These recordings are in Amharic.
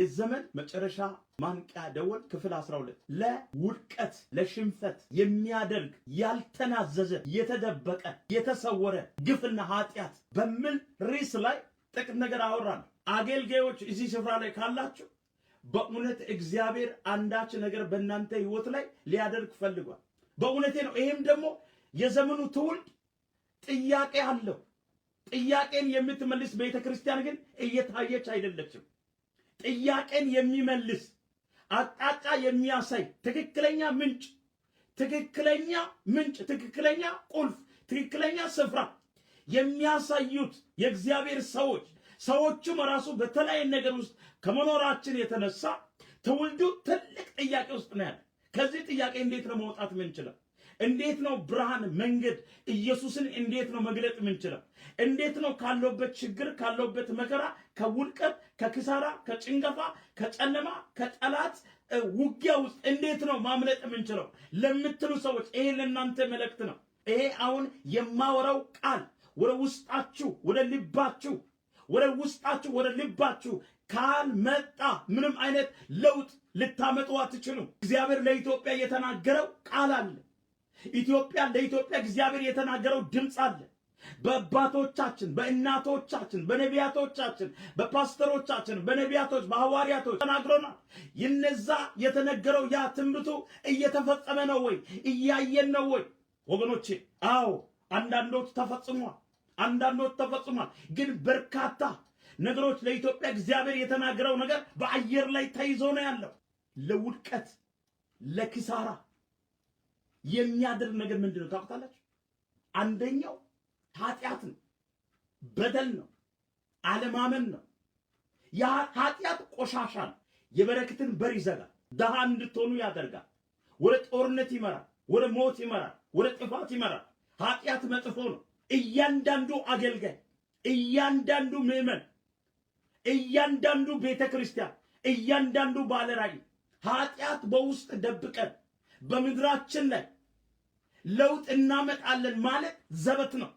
የዘመን መጨረሻ ማንቂያ ደወል ክፍል 12 ለውድቀት ለሽንፈት የሚያደርግ ያልተናዘዘ የተደበቀ የተሰወረ ግፍና ኃጢአት በምን ርዕስ ላይ ጥቂት ነገር አወራል። አገልጋዮች እዚህ ስፍራ ላይ ካላችሁ በእውነት እግዚአብሔር አንዳች ነገር በእናንተ ህይወት ላይ ሊያደርግ ፈልጓል። በእውነቴ ነው። ይህም ደግሞ የዘመኑ ትውልድ ጥያቄ አለው። ጥያቄን የምትመልስ ቤተ ክርስቲያን ግን እየታየች አይደለችም። ጥያቄን የሚመልስ አቅጣጫ የሚያሳይ ትክክለኛ ምንጭ ትክክለኛ ምንጭ ትክክለኛ ቁልፍ ትክክለኛ ስፍራ የሚያሳዩት የእግዚአብሔር ሰዎች ሰዎቹም ራሱ በተለያየ ነገር ውስጥ ከመኖራችን የተነሳ ትውልዱ ትልቅ ጥያቄ ውስጥ ነው ያለ። ከዚህ ጥያቄ እንዴት ነው መውጣት ምንችለው? እንዴት ነው ብርሃን መንገድ ኢየሱስን እንዴት ነው መግለጥ የምንችለው? እንዴት ነው ካለበት ችግር ካለበት መከራ ከውድቀት ከክሳራ ከጭንገፋ ከጨለማ ከጠላት ውጊያ ውስጥ እንዴት ነው ማምለጥ የምንችለው ለምትሉ ሰዎች ይሄ ለእናንተ መልእክት ነው። ይሄ አሁን የማወራው ቃል ወደ ውስጣችሁ ወደ ልባችሁ ወደ ውስጣችሁ ወደ ልባችሁ ካልመጣ ምንም አይነት ለውጥ ልታመጡ አትችሉም። እግዚአብሔር ለኢትዮጵያ የተናገረው ቃል አለ። ኢትዮጵያ ለኢትዮጵያ እግዚአብሔር የተናገረው ድምፅ አለ። በአባቶቻችን፣ በእናቶቻችን፣ በነቢያቶቻችን፣ በፓስተሮቻችን፣ በነቢያቶች፣ በሐዋርያቶች ተናግሮናል። ይነዛ የተነገረው ያ ትንቢቱ እየተፈጸመ ነው ወይ? እያየን ነው ወይ? ወገኖቼ፣ አዎ አንዳንዶች ተፈጽሟል፣ አንዳንዶች ተፈጽሟል። ግን በርካታ ነገሮች ለኢትዮጵያ እግዚአብሔር የተናገረው ነገር በአየር ላይ ተይዞ ነው ያለው ለውድቀት ለኪሳራ የሚያደርግ ነገር ምንድን ነው ታውቁታላችሁ? አንደኛው ኃጢአት ነው፣ በደል ነው፣ አለማመን ነው። ያ ኃጢአት ቆሻሻ ነው። የበረከትን በር ይዘጋል፣ ደሃ እንድትሆኑ ያደርጋል፣ ወደ ጦርነት ይመራል፣ ወደ ሞት ይመራል፣ ወደ ጥፋት ይመራል። ኃጢአት መጥፎ ነው። እያንዳንዱ አገልጋይ፣ እያንዳንዱ ምዕመን፣ እያንዳንዱ ቤተ ክርስቲያን፣ እያንዳንዱ ባለራዕይ ኃጢአት በውስጥ ደብቀን በምድራችን ላይ ለውጥ እናመጣለን ማለት ዘበት ነው።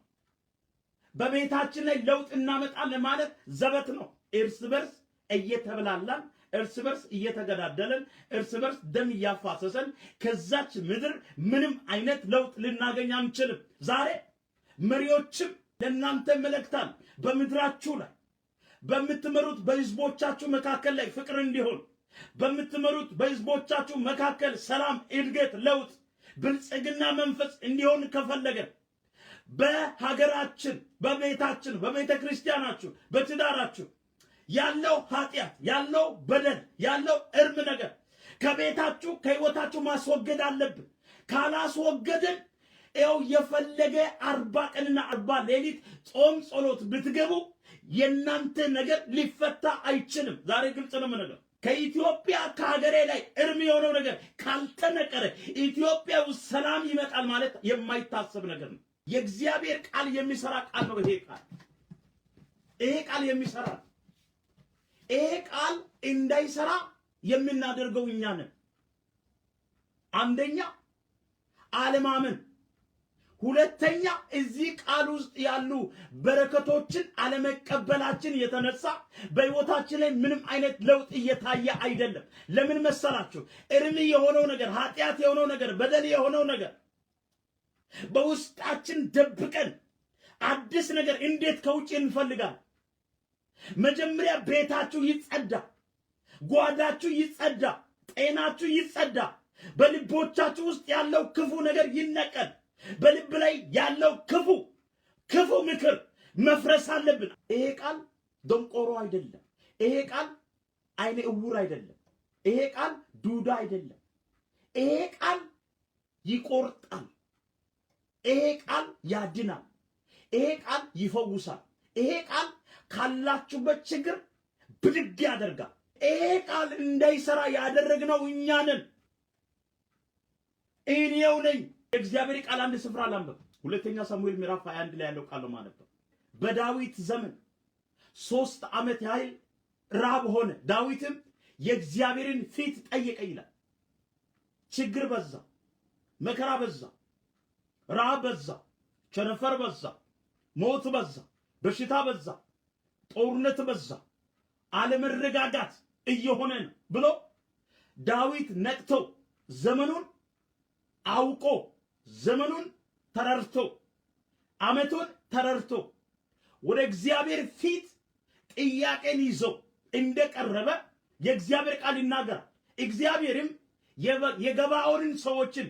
በቤታችን ላይ ለውጥ እናመጣለን ማለት ዘበት ነው። እርስ በርስ እየተብላላን፣ እርስ በርስ እየተገዳደለን፣ እርስ በርስ ደም እያፋሰሰን ከዛች ምድር ምንም አይነት ለውጥ ልናገኝ አንችልም። ዛሬ መሪዎችም ለእናንተ መለክታል በምድራችሁ ላይ በምትመሩት በህዝቦቻችሁ መካከል ላይ ፍቅር እንዲሆን በምትመሩት በህዝቦቻችሁ መካከል ሰላም፣ እድገት፣ ለውጥ ብልጽግና መንፈስ እንዲሆን ከፈለገ በሀገራችን፣ በቤታችን፣ በቤተ ክርስቲያናችሁ፣ በትዳራችሁ ያለው ኃጢአት፣ ያለው በደል፣ ያለው እርም ነገር ከቤታችሁ ከህይወታችሁ ማስወገድ አለብን። ካላስወገድን ያው የፈለገ አርባ ቀንና አርባ ሌሊት ጾም ጸሎት ብትገቡ የእናንተ ነገር ሊፈታ አይችልም። ዛሬ ግልጽ ነው የምንለው። ከኢትዮጵያ ከሀገሬ ላይ እርም የሆነው ነገር ካልተነቀረ ኢትዮጵያ ውስጥ ሰላም ይመጣል ማለት የማይታሰብ ነገር ነው። የእግዚአብሔር ቃል የሚሰራ ቃል ነው። ይሄ ቃል ይሄ ቃል የሚሰራ ይሄ ቃል እንዳይሰራ የምናደርገው እኛ ነን። አንደኛ አለማመን ሁለተኛ እዚህ ቃል ውስጥ ያሉ በረከቶችን አለመቀበላችን የተነሳ በሕይወታችን ላይ ምንም አይነት ለውጥ እየታየ አይደለም። ለምን መሰላችሁ? እርም የሆነው ነገር፣ ኃጢአት የሆነው ነገር፣ በደል የሆነው ነገር በውስጣችን ደብቀን አዲስ ነገር እንዴት ከውጭ እንፈልጋል? መጀመሪያ ቤታችሁ ይጸዳ፣ ጓዳችሁ ይጸዳ፣ ጤናችሁ ይጸዳ፣ በልቦቻችሁ ውስጥ ያለው ክፉ ነገር ይነቀል። በልብ ላይ ያለው ክፉ ክፉ ምክር መፍረስ አለብን። ይሄ ቃል ደንቆሮ አይደለም። ይሄ ቃል አይነ እውር አይደለም። ይሄ ቃል ዱዳ አይደለም። ይሄ ቃል ይቆርጣል። ይሄ ቃል ያድናል። ይሄ ቃል ይፈውሳል። ይሄ ቃል ካላችሁበት ችግር ብድግ ያደርጋል። ይሄ ቃል እንዳይሰራ ያደረግነው እኛንን እኔው ነኝ። የእግዚአብሔር ቃል አንድ ስፍራ ላንብብ። ሁለተኛ ሳሙኤል ምዕራፍ 21 ላይ ያለው ቃል ማለት ነው። በዳዊት ዘመን ሶስት ዓመት ያህል ራብ ሆነ፣ ዳዊትም የእግዚአብሔርን ፊት ጠየቀ ይላል። ችግር በዛ፣ መከራ በዛ፣ ራብ በዛ፣ ቸነፈር በዛ፣ ሞት በዛ፣ በሽታ በዛ፣ ጦርነት በዛ፣ አለመረጋጋት እየሆነ ነው ብሎ ዳዊት ነቅተው ዘመኑን አውቆ ዘመኑን ተረርቶ አመቱን ተረርቶ ወደ እግዚአብሔር ፊት ጥያቄን ይዞ እንደቀረበ የእግዚአብሔር ቃል ይናገራል። እግዚአብሔርም የገባኦንን ሰዎችን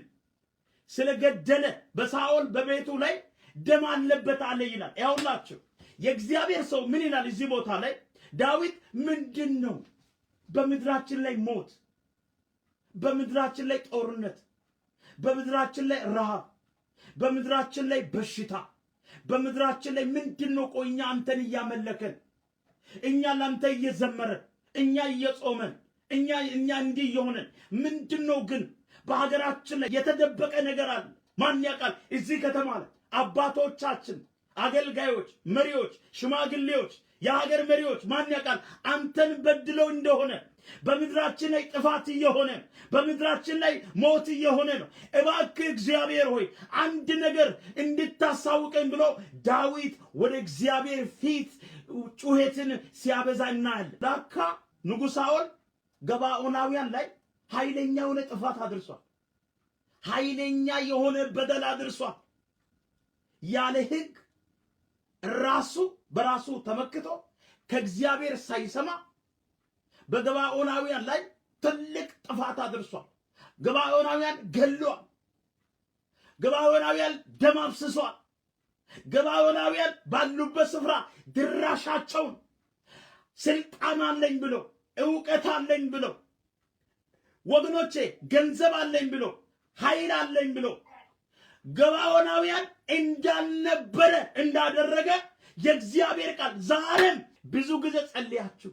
ስለገደለ በሳኦል በቤቱ ላይ ደም አለበት አለ ይላል። ያውላችሁ የእግዚአብሔር ሰው ምን ይላል? እዚህ ቦታ ላይ ዳዊት ምንድን ነው በምድራችን ላይ ሞት፣ በምድራችን ላይ ጦርነት በምድራችን ላይ ረሃብ፣ በምድራችን ላይ በሽታ፣ በምድራችን ላይ ምንድን ነው? ቆይ እኛ አንተን እያመለከን እኛ ላንተ እየዘመረን እኛ እየጾመን እኛ እኛ እንዲህ እየሆነን ምንድን ነው ግን? በሀገራችን ላይ የተደበቀ ነገር አለ። ማን ያውቃል? እዚህ ከተማ ላይ አባቶቻችን፣ አገልጋዮች፣ መሪዎች፣ ሽማግሌዎች የሀገር መሪዎች ማን ያውቃል አንተን በድለው እንደሆነ በምድራችን ላይ ጥፋት እየሆነ በምድራችን ላይ ሞት እየሆነ ነው። እባክህ እግዚአብሔር ሆይ አንድ ነገር እንድታሳውቀኝ ብሎ ዳዊት ወደ እግዚአብሔር ፊት ጩኸትን ሲያበዛ እናያለን። ላካ ንጉሥ ሳኦል ላይ ኃይለኛ የሆነ ጥፋት አድርሷል። ኃይለኛ የሆነ በደል አድርሷል። ያለ ሕግ ራሱ በራሱ ተመክቶ ከእግዚአብሔር ሳይሰማ በገባኦናውያን ላይ ትልቅ ጥፋት አድርሷል። ገባኦናውያን ገሏል። ገባኦናውያን ደም አፍስሷል። ገባኦናውያን ባሉበት ስፍራ ድራሻቸውን ስልጣን አለኝ ብለው እውቀት አለኝ ብለው ወገኖቼ ገንዘብ አለኝ ብለው ኃይል አለኝ ብሎ ገባኦናውያን እንዳልነበረ እንዳደረገ የእግዚአብሔር ቃል ዛሬም ብዙ ጊዜ ጸልያችሁ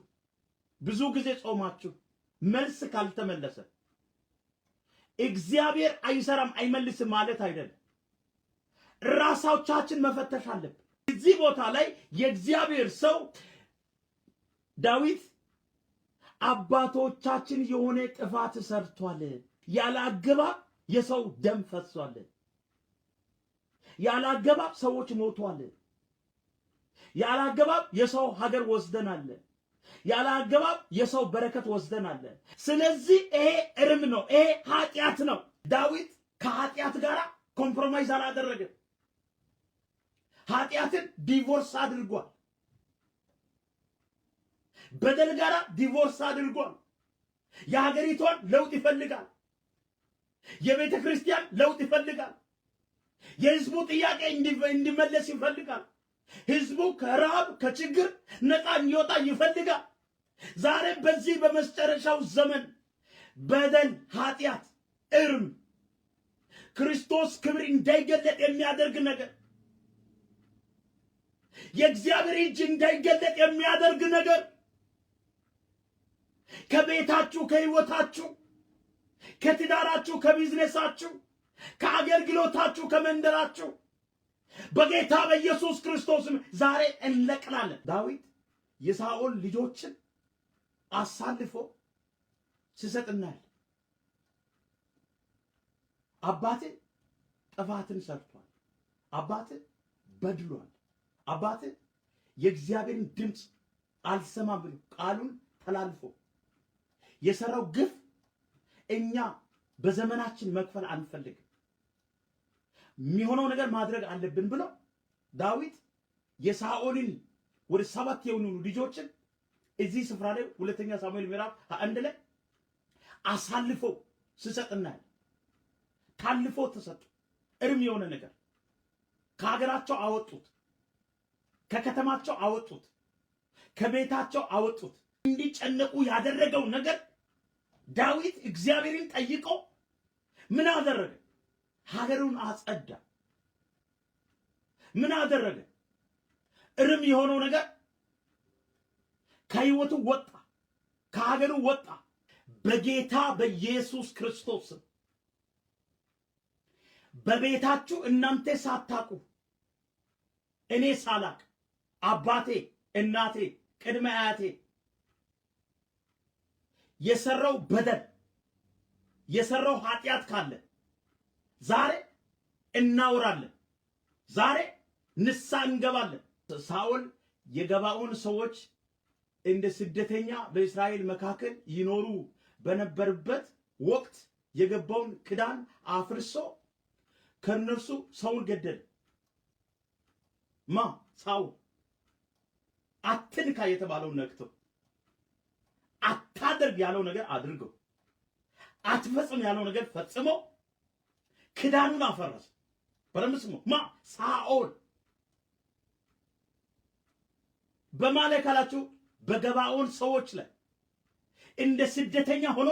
ብዙ ጊዜ ጾማችሁ መልስ ካልተመለሰ እግዚአብሔር አይሰራም አይመልስም ማለት አይደለም። ራሳዎቻችን መፈተሽ አለብን። እዚህ ቦታ ላይ የእግዚአብሔር ሰው ዳዊት አባቶቻችን የሆነ ጥፋት ሰርቷል፣ ያለ አግባብ የሰው ደም ፈሷል። ያላገባብ ሰዎች ሞቷል። ያላገባብ የሰው ሀገር ወስደናል። ያላገባብ የሰው በረከት ወስደናል። ስለዚህ ይሄ እርም ነው፣ ይሄ ኃጢአት ነው። ዳዊት ከኃጢአት ጋር ኮምፕሮማይዝ አላደረገም። ኃጢአትን ዲቮርስ አድርጓል። በደል ጋር ዲቮርስ አድርጓል። የሀገሪቷን ለውጥ ይፈልጋል። የቤተ ክርስቲያን ለውጥ ይፈልጋል። የህዝቡ ጥያቄ እንዲመለስ ይፈልጋል። ህዝቡ ከረሃብ ከችግር ነፃ እንዲወጣ ይፈልጋል። ዛሬ በዚህ በመጨረሻው ዘመን በደል፣ ኃጢአት፣ እርም ክርስቶስ ክብር እንዳይገለጥ የሚያደርግ ነገር የእግዚአብሔር እጅ እንዳይገለጥ የሚያደርግ ነገር ከቤታችሁ፣ ከህይወታችሁ፣ ከትዳራችሁ፣ ከቢዝነሳችሁ ከአገልግሎታችሁ ከመንደራችሁ በጌታ በኢየሱስ ክርስቶስም ዛሬ እንለቅላለን። ዳዊት የሳኦል ልጆችን አሳልፎ ሲሰጥናል። አባቴ ጥፋትን ሰርቷል። አባቴ በድሏል። አባቴ የእግዚአብሔርን ድምፅ አልሰማ ብሎ ቃሉን ተላልፎ የሰራው ግፍ እኛ በዘመናችን መክፈል አንፈልግም። የሚሆነው ነገር ማድረግ አለብን ብሎ ዳዊት የሳኦልን ወደ ሰባት የሆኑ ልጆችን እዚህ ስፍራ ላይ ሁለተኛ ሳሙኤል ምዕራፍ አንድ ላይ አሳልፎ ስሰጥና ታልፎ ተሰጡ። እርም የሆነ ነገር ከሀገራቸው አወጡት፣ ከከተማቸው አወጡት፣ ከቤታቸው አወጡት። እንዲጨነቁ ያደረገው ነገር ዳዊት እግዚአብሔርን ጠይቆ ምን አደረገ? ሀገሩን አጸዳ። ምን አደረገ? እርም የሆነው ነገር ከህይወቱ ወጣ፣ ከሀገሩ ወጣ። በጌታ በኢየሱስ ክርስቶስ በቤታችሁ እናንተ ሳታቁ እኔ ሳላቅ አባቴ እናቴ ቅድመ አያቴ የሰራው በደል የሰራው ኃጢአት ካለ ዛሬ እናወራለን። ዛሬ ንሳ እንገባለን። ሳኦል የገባውን ሰዎች እንደ ስደተኛ በእስራኤል መካከል ይኖሩ በነበርበት ወቅት የገባውን ክዳን አፍርሶ ከነርሱ ሰውን ገደለ። ማ ሳኦል አትንካ የተባለው ነክቶ አታደርግ ያለው ነገር አድርገው አትፈጽም ያለው ነገር ፈጽመው ክዳኑን አፈረሰ። በደምብ ስሙ። ማ ሳኦል በማለ ካላችሁ በገባኦን ሰዎች ላይ እንደ ስደተኛ ሆኖ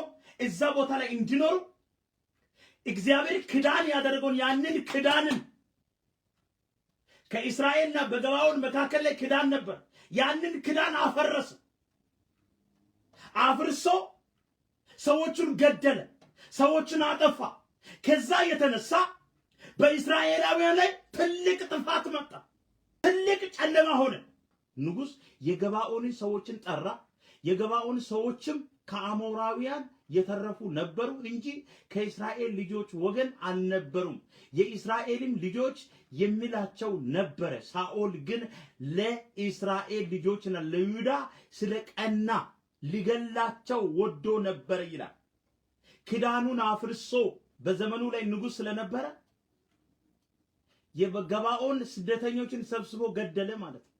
እዛ ቦታ ላይ እንዲኖሩ እግዚአብሔር ክዳን ያደረገውን ያንን ክዳንን ከእስራኤልና በገባኦን መካከል ላይ ክዳን ነበር። ያንን ክዳን አፈረሰ። አፍርሶ ሰዎቹን ገደለ። ሰዎችን አጠፋ። ከዛ የተነሳ በእስራኤላውያን ላይ ትልቅ ጥፋት መጣ። ትልቅ ጨለማ ሆነ። ንጉሥ የገባኦን ሰዎችን ጠራ። የገባኦን ሰዎችም ከአሞራውያን የተረፉ ነበሩ እንጂ ከእስራኤል ልጆች ወገን አልነበሩም። የእስራኤልም ልጆች የሚላቸው ነበረ። ሳኦል ግን ለእስራኤል ልጆችና ለይሁዳ ስለ ቀና ሊገላቸው ወዶ ነበረ ይላል። ክዳኑን አፍርሶ በዘመኑ ላይ ንጉስ ስለነበረ የገባኦን ስደተኞችን ሰብስቦ ገደለ ማለት ነው።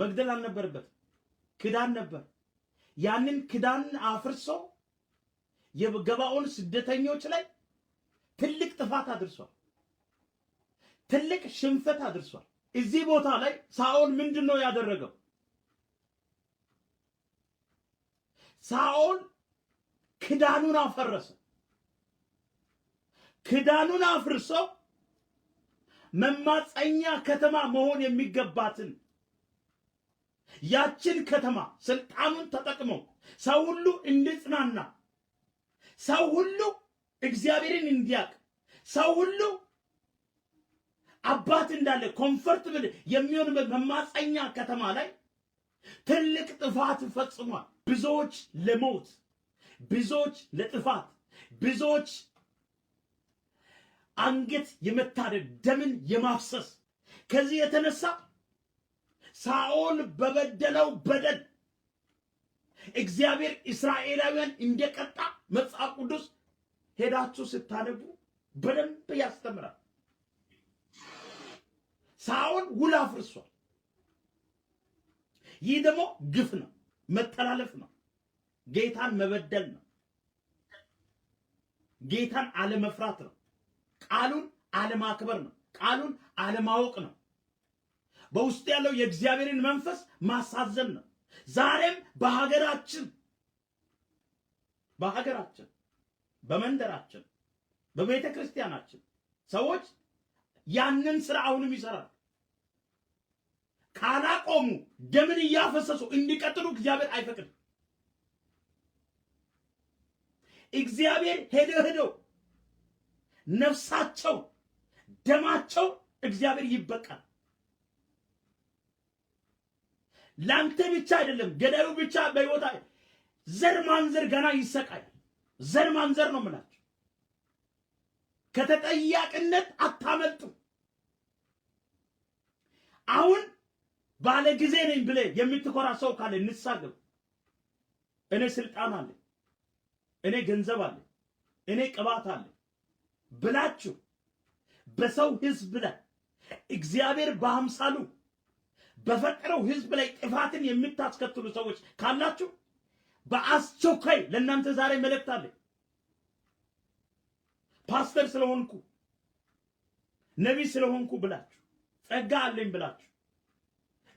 መግደል አልነበረበት፣ ክዳን ነበር። ያንን ክዳን አፍርሶ የገባኦን ስደተኞች ላይ ትልቅ ጥፋት አድርሷል። ትልቅ ሽንፈት አድርሷል። እዚህ ቦታ ላይ ሳኦል ምንድን ነው ያደረገው? ሳኦል ክዳኑን አፈረሰ። ክዳኑን አፍርሶ መማፀኛ ከተማ መሆን የሚገባትን ያችን ከተማ ስልጣኑን ተጠቅመው ሰው ሁሉ እንዲጽናና፣ ሰው ሁሉ እግዚአብሔርን እንዲያውቅ፣ ሰው ሁሉ አባት እንዳለ ብል የሚሆን መማፀኛ ከተማ ላይ ትልቅ ጥፋት ፈጽሟል። ብዙዎች ለሞት፣ ብዙዎች ለጥፋት፣ ብዙዎች አንገት የመታደድ ደምን የማፍሰስ ከዚህ የተነሳ ሳኦል በበደለው በደል እግዚአብሔር እስራኤላውያን እንደቀጣ መጽሐፍ ቅዱስ ሄዳችሁ ስታነቡ በደንብ ያስተምራል። ሳኦል ውል አፍርሷል። ይህ ደግሞ ግፍ ነው፣ መተላለፍ ነው፣ ጌታን መበደል ነው፣ ጌታን አለመፍራት ነው። ቃሉን አለማክበር ነው። ቃሉን አለማወቅ ነው። በውስጥ ያለው የእግዚአብሔርን መንፈስ ማሳዘን ነው። ዛሬም በሀገራችን በሀገራችን በመንደራችን በቤተ ክርስቲያናችን ሰዎች ያንን ስራ አሁንም ይሰራል። ካላቆሙ ደምን እያፈሰሱ እንዲቀጥሉ እግዚአብሔር አይፈቅድም። እግዚአብሔር ሄደ ሄደው ነፍሳቸው፣ ደማቸው እግዚአብሔር ይበቃል። ለአንተ ብቻ አይደለም፣ ገዳዩ ብቻ በህይወት ዘር ማንዘር ገና ይሰቃል ዘር ማንዘር ነው ምላቸው። ከተጠያቂነት አታመልጡ። አሁን ባለ ጊዜ ነኝ ብለህ የምትኮራ ሰው ካለ ንስሐ እኔ ስልጣን አለ፣ እኔ ገንዘብ አለ፣ እኔ ቅባት አለ ብላችሁ በሰው ህዝብ ላይ እግዚአብሔር በአምሳሉ በፈጠረው ህዝብ ላይ ጥፋትን የምታስከትሉ ሰዎች ካላችሁ በአስቸኳይ ለእናንተ ዛሬ መልእክት አለ። ፓስተር ስለሆንኩ ነቢይ ስለሆንኩ ብላችሁ ጸጋ አለኝ ብላችሁ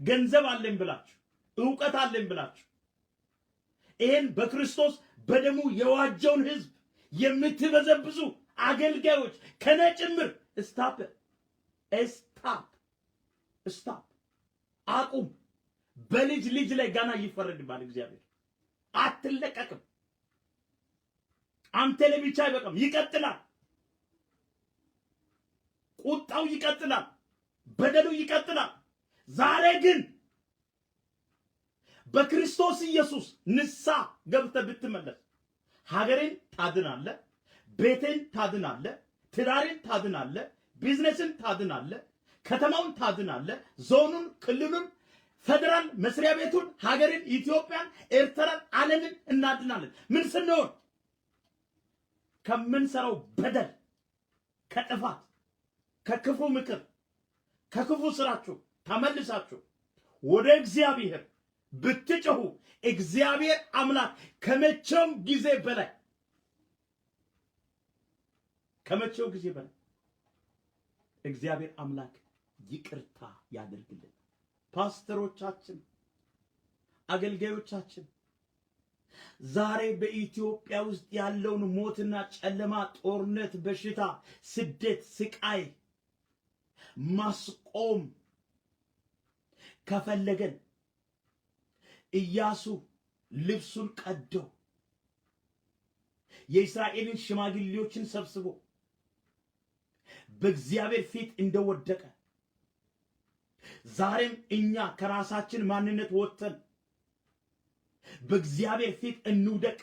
ገንዘብ አለኝ ብላችሁ እውቀት አለኝ ብላችሁ ይህን በክርስቶስ በደሙ የዋጀውን ህዝብ የምትበዘብዙ አገልጋዮች ከነጭምር ስታፕ ስታፕ ስታፕ አቁም። በልጅ ልጅ ላይ ገና ይፈረድባል እግዚአብሔር። አትለቀቅም። አንተ ለብቻ አይበቃም፣ ይቀጥላል። ቁጣው ይቀጥላል፣ በደሉ ይቀጥላል። ዛሬ ግን በክርስቶስ ኢየሱስ ንሳ ገብተ ብትመለስ ሀገሬን ታድናለህ። ቤትን ታድናለ፣ ትዳርን ታድናለ፣ ቢዝነስን ታድናለ፣ ከተማውን ታድናለ፣ ዞኑን፣ ክልሉን፣ ፌደራል መስሪያ ቤቱን፣ ሀገርን፣ ኢትዮጵያን፣ ኤርትራን፣ ዓለምን እናድናለን። ምን ስንሆን ከምንሰራው በደል፣ ከጥፋት፣ ከክፉ ምክር፣ ከክፉ ስራችሁ ተመልሳችሁ ወደ እግዚአብሔር ብትጮሁ እግዚአብሔር አምላክ ከመቼውም ጊዜ በላይ ከመቼው ጊዜ በላይ እግዚአብሔር አምላክ ይቅርታ ያደርግልን። ፓስተሮቻችን፣ አገልጋዮቻችን ዛሬ በኢትዮጵያ ውስጥ ያለውን ሞትና ጨለማ፣ ጦርነት፣ በሽታ፣ ስደት፣ ስቃይ ማስቆም ከፈለገን ኢያሱ ልብሱን ቀደው የእስራኤልን ሽማግሌዎችን ሰብስቦ በእግዚአብሔር ፊት እንደወደቀ ዛሬም እኛ ከራሳችን ማንነት ወጥተን በእግዚአብሔር ፊት እንውደቅ።